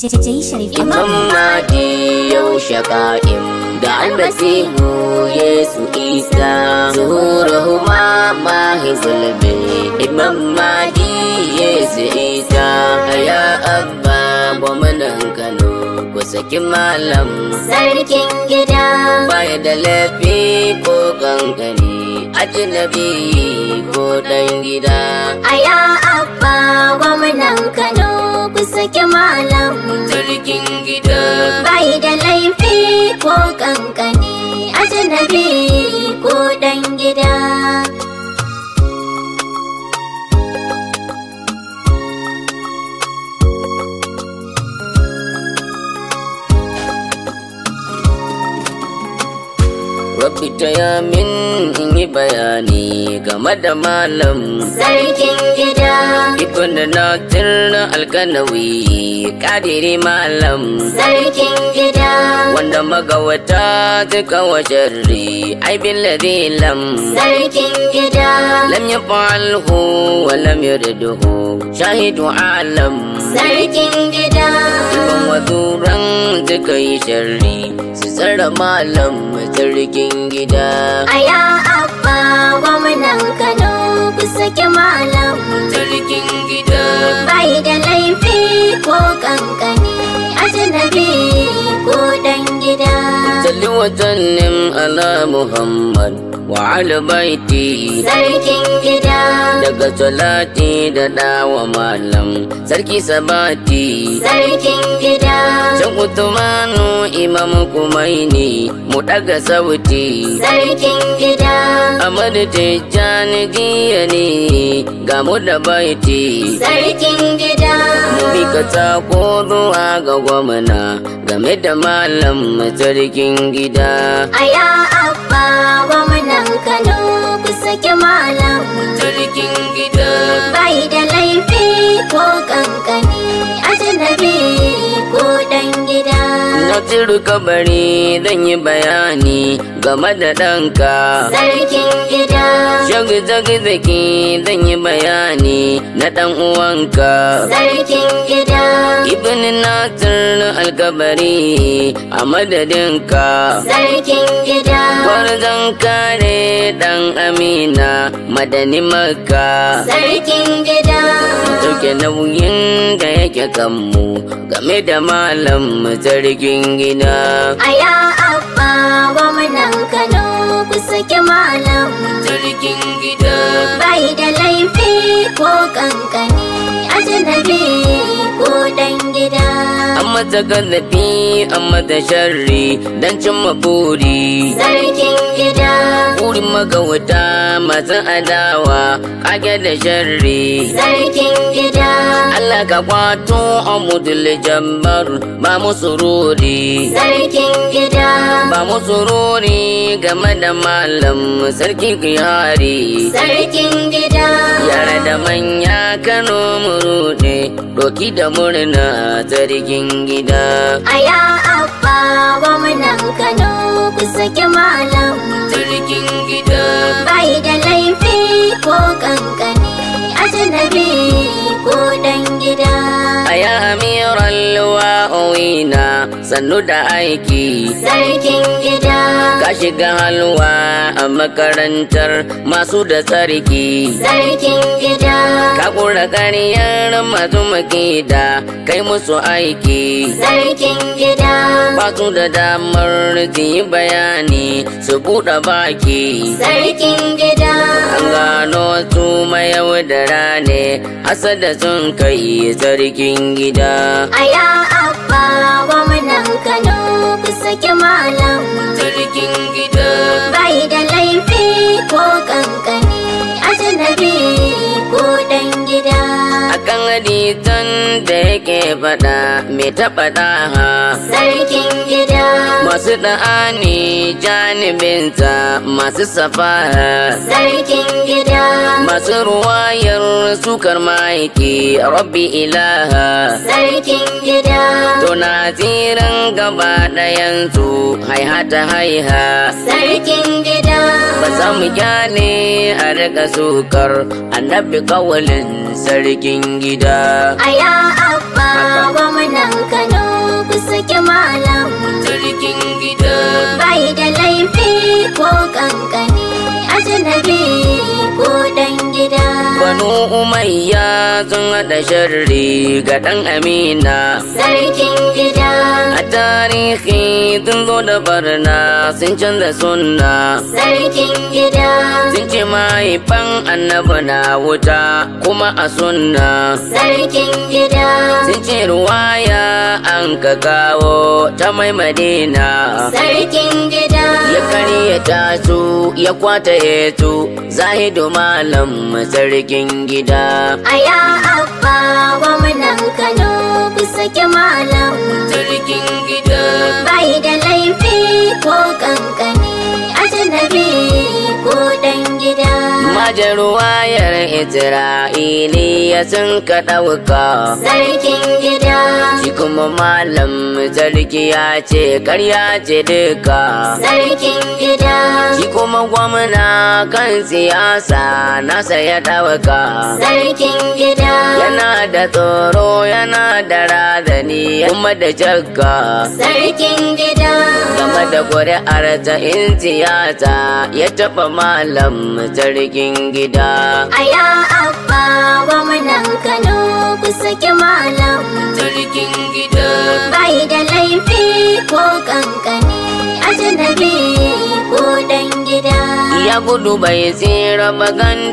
Imam yau shaka'im da almasihu Yesu Isa Zuhuru mama hizulbe Imam Mahdi Yesu Isa Ya Abba gwamnan Kano ku saki malam Sarkin gida Baya da laifi ko kankani Ajinabi ko dan gida Aya Abba gwamnan Kano sake malam sarkin gida bai da laifi ko kankani ajnabi ko dan gida Rabbi taya min in yi bayani game da malam sarkin gida wanda na tirna alkanawi kadiri malam sarkin gida wanda magawata duka wajarri aibin ladhi lam sarkin gida lam falhu wa lam yuriduhu shahidu alam sarkin gida Duban wazuran duka yi sharri su tsara malam sarkin gida aya abba gwamnan sake malam sarkin gida bai da laifi ko kankani janabi ko dan gida salli wa ala muhammad wa albaiti sarkin gida daga salati da dawa malam sarki sabati sarkin gida can kutumanu imam kumaini mu daga sauti sarkin gida amad te jan ne ga mu da baiti sarkin gida mu bi ka tako zuwa ga gwamna game da malam sarkin gida aya abba gwamna Yan Kano ku sake malam. Sarkin gida. Bai da laifi ko kankani ajnabi ko ɗan gida. Na turu kabari zan yi bayani game da ɗanka. Sarkin gida. Shagzagzaki zan yi bayani na ɗan uwanka sarkin gida ibn nazir alkabari a madadinka sarkin gida gwarzon kare ɗan amina madani maka sarkin gida ɗauke nauyin da yake kanmu game da malam sarkin gida a ya abba gwamnan kano ku saki malam kankani ajnabi ko dan gida amma da galabi amma da sharri dan cimma buri sarkin gida burin magawata matan adawa kage da sharri sarkin gida Allah ka kwato amudul jabbar ba musururi sarkin gida samu tsorori game da malam sarki kuyari. sarkin gida yara da manya kano murude doki da murna sarkin gida aya abba gwamnan kano ku saki malam sarkin gida bai da laifi ko kankani a ajanabi amiran luwa'o'ina sannu da aiki sarkin gida ka shiga halwa a makarantar masu da tsarki sarkin gida ka kura ƙaryar masu makida kai musu aiki sarkin gida basu da damar su yi bayani su buɗe baki sarkin gida gano su mayaudara ne, hasada sun kai zargin gida. Aya taɓa ha. sarkin gida masu da'ani janibinta masu safaha sarkin gida masu ruwayar sukar maiki rabbi ilaha sarkin gida tona tsirin gaba ɗayansu haihata haiha sarkin gida ba za mu kyale a riƙa sukar annabi kawalin sarkin gida aya abba yake malam sarkin gida bai da laifi ko kankani ajnabi banu umayya sun haɗa sharri ga ɗan amina sarkin gida a tarihi sun zo da barna sun canza sunna sarkin gida sun ce mahaifan annabi na wuta kuma a sunna sarkin gida sun ce ruwaya an ka kawo ta mai madina sarkin gida kokari ya taso ya kwata yato zahidu malam sarkin gida aya abba wa munan kano ku sake malam sarkin gida bai da laifi ko kankani Alhaji ruwayar Isra'iliya sun ka ɗauka. Sarkin gida. Shi kuma malam zargi ya ce karya ce duka. Sarkin gida. Shi kuma gwamna kan siyasa nasa ya ɗauka. Sarkin gida. Yana da tsoro yana da razani kuma da jagga. Sarkin gida. Game da ƙuri'ar ta in siyasa ya taɓa malam sarkin cikin gida. Aya abba gwamnan Kano ku saki malam. Sarkin gida. Bai da laifi ko kankani janabi gida ya gudu bai tsira ba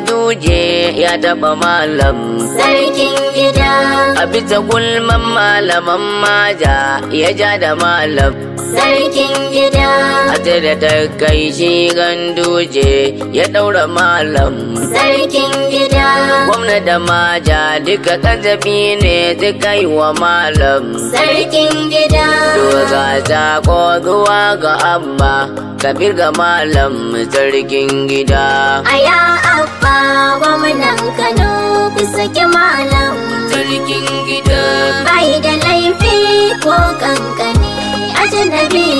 tuje ya taba malam sarkin gida a bisa gulman malaman maja ya ja da malam sarkin gida a da ta kai shi tuje ya daura malam sarkin gida gwamna da maja duka kazafi ne duka yi wa malam sarkin gida Duka ta zuwa ga abba ka firga malam mu zargin gida. Aya abba gwamnan Kano ku saki malam. Zargin gida. Bai da laifi ko kankani. ajnabi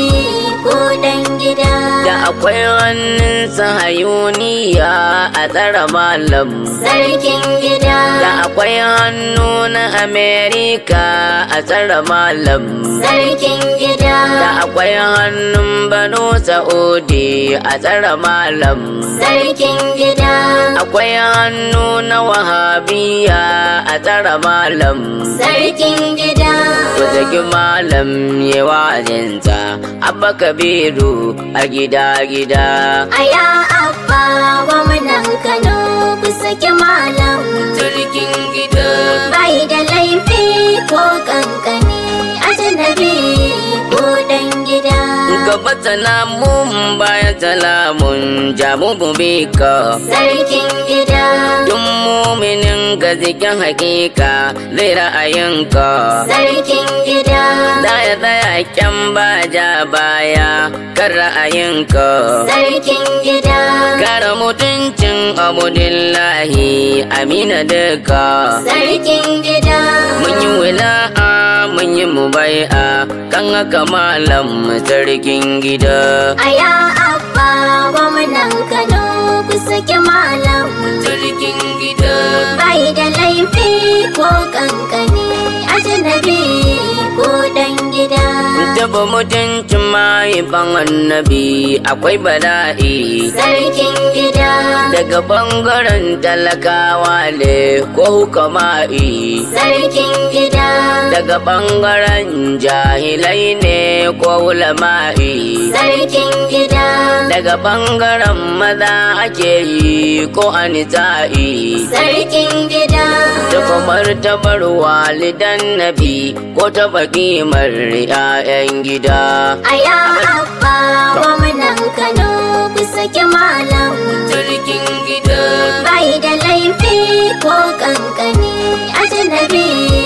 ko dan gida da akwai hannun sahayuniya a tsara malam sarkin gida da akwai hannu na amerika a tsara malam sarkin gida da akwai hannun bano sa'udi a tsara malam sarkin gida akwai hannu na wahabiya a tsara malam sarkin gida Wata malam ya wajinta abba kabiru a gida gida aya abba wa munan kano ku saki malam sarkin gida bai da laifi ko kankan gaba mun baya talamun jamu sarkin gida duk muminin gazikin zikin hakika zai ra'ayinka sarkin gida za ya tsaya kyan baja baya kan ra'ayinka sarkin gida kara mutuncin abudillahi amina duka sarkin gida mun yi wila mu bai'a kan haka malam mu sarkin gida. Aya abba gwamnan Kano ku sake malam mu sarkin gida. bai da laifi ko kankani ajnabi ko dan gida taba mahaifan annabi akwai bala'i sarkin gida daga bangaren talakawa ne ko hukama'i sarkin gida daga bangaren jahilai ne ko ulama'i sarkin gida daga bangaren maza ake yi ko anita'i sarkin cikin gida ta bar walidan nabi ko ta kimar 'ya'yan gida A ya abba gwamnan Kano ku saki malam Sarkin gida Bai da laifi ko kankani a janabi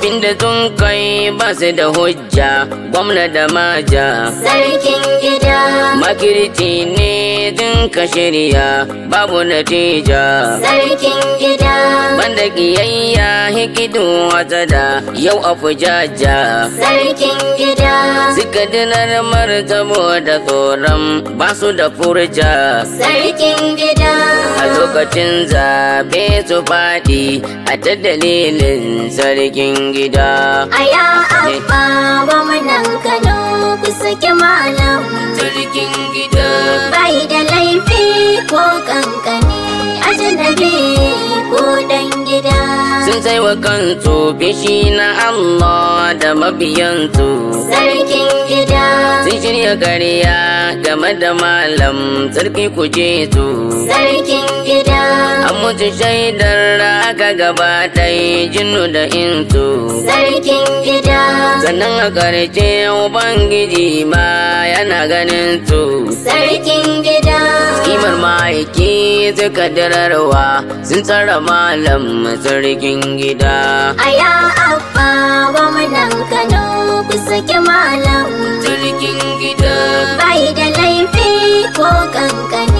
da sun kai ba su da hujja gwamna da maja sarkin gida makirci ne din ka shirya babu natija sarkin gida banda kiyayya hikidu da yau a fujaja sarkin gida suka dinar martabo da tsoron ba su da furja sarkin gida a lokacin zabe su faɗi a ta dalilin sarkin gida. A ya wa wannan Kano ku saki malam. Sarkin gida. Bai da laifi ko kankana. ko gida sun sai wa kansu fishi na Allah da mabiyansu sarkin gida sun shirya ƙarya game da malam sarki ku je sarkin wuce shaidar da aka gabata yi jinnu da intu sarkin gida sannan a ƙarshe ubangiji ma yana ganin su sarkin gida kimar ma'aiki suka dararwa sun tsara malam sarkin gida a ya abba gwamnan kano ku saki malam sarkin gida bai da laifi ko kankani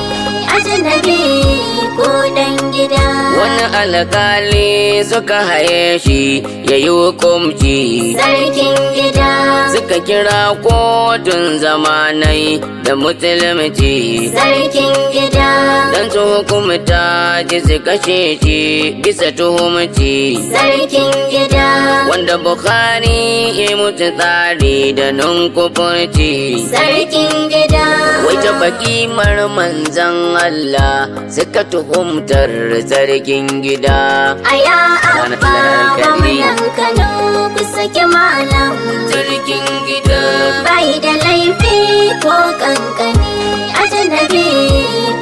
alƙali suka haye shi ya yi hukumci. Sarkin gida. Suka kira kotun zamanai da musulunci. Sarkin gida. Dan su hukumta ji su kashe shi bisa tuhumci. Sarkin gida. Wanda Bukhari ya mutu tsari da nun kufurci. Sarkin gida. baki marman manzan Allah suka tuhumtar zargin gida. A ya abba Kano ku sake malam. Zargin gida. Bai da laifi ko kankani. ajnabi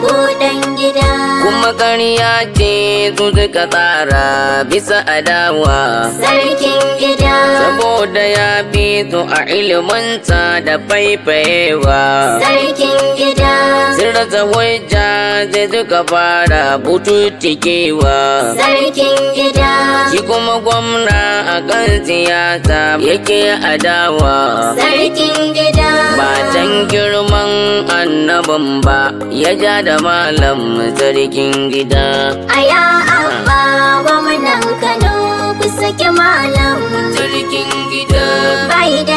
ko dan gida kuma ƙarya ce su suka tsara bisa adawa sarkin gida saboda ya fi su a iliminsa da faifayewa sarkin gida rasa waita zai suka fara butu tikewa Sarkin gida. Shi kuma gwamna a kan siyasa yake adawa. Sarkin gida. Ba can girman annabin ba ya ja da malam sarkin gida. Aya abba gwamnan Kano ku saki malam. Sarkin gida. Bai da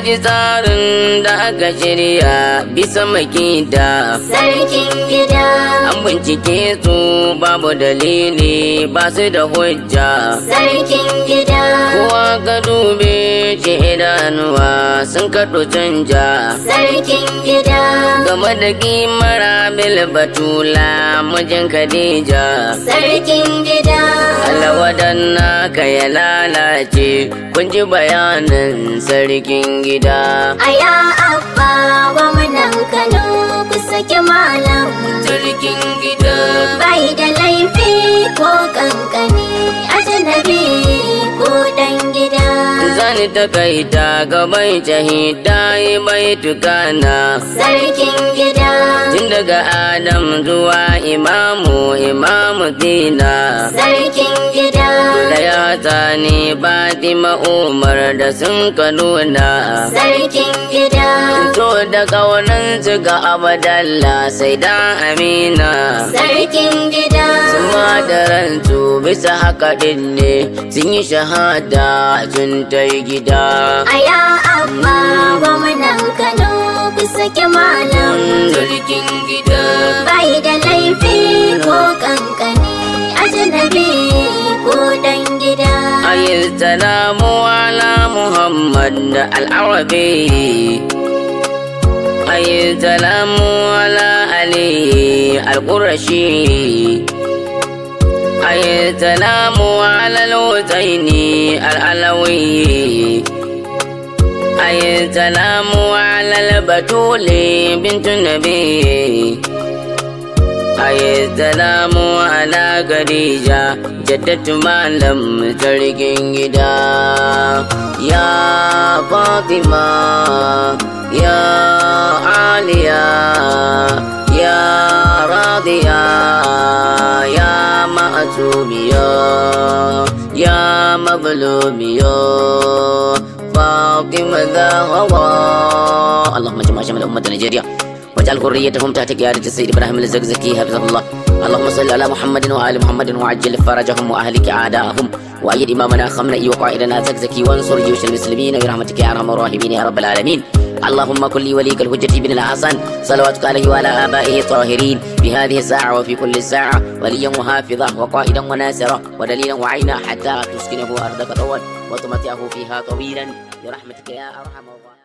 ji tsarin da aka shirya bisa makita sarkin gida an bincike su babu dalili ba su da hujja sarkin gida kowa ka dube shi idanuwa sun kaɗo canja sarkin gida game da kimar abil batula mijin khadija sarkin aka ya lalace kun ji bayanin sarkin gida aya abba gwamnan kano ku saki malam sarkin gida bai da laifi ko kankani janabi ko dan gida zani ta ga mai jahida yi mai tukana sarkin gida tun daga adam zuwa imamu imamu dina sarkin ya tsani Fatima Umar da sun ka nuna. Sarkin gida. To da kaunan su ga abadalla sai da Amina. Sarkin gida. Suma da rantu bisa haka ɗin ne sun yi shahada sun ta yi gida. A ya amma gwamnan Kano bisa kimanan Sarkin gida. Salamu ala Muhammad da al'arabi. Ayi salamu ala Ali al-Qurashi. Ayi salamu ala al-Husaini al-Alawi. Ayi salamu ala al-Batuli bintu Nabi. haye salamu ala gadija jaddatu malam jirgin gida ya fatima ya aliya ya radiya ya ma'azumiya ya mablumiya fatima zahara اللهم واجعل ذريتهم تحت قيادة السيد إبراهيم الزقزقي حفظه الله اللهم صل على محمد وآل محمد وعجل فرجهم وأهلك أعداءهم وأيد إمامنا خمنئي وقائدنا زقزقي وانصر جيوش المسلمين برحمتك يا أرحم الراحمين يا رب العالمين اللهم كن لي وليك الحجة بن الحسن صلواتك عليه وعلى آبائه الطاهرين في هذه الساعة وفي كل ساعة وليا وحافظا وقائدا وناصرا ودليلا وعينا حتى تسكنه أرضك طول وتمتعه فيها طويلا برحمتك يا أرحم الراحمين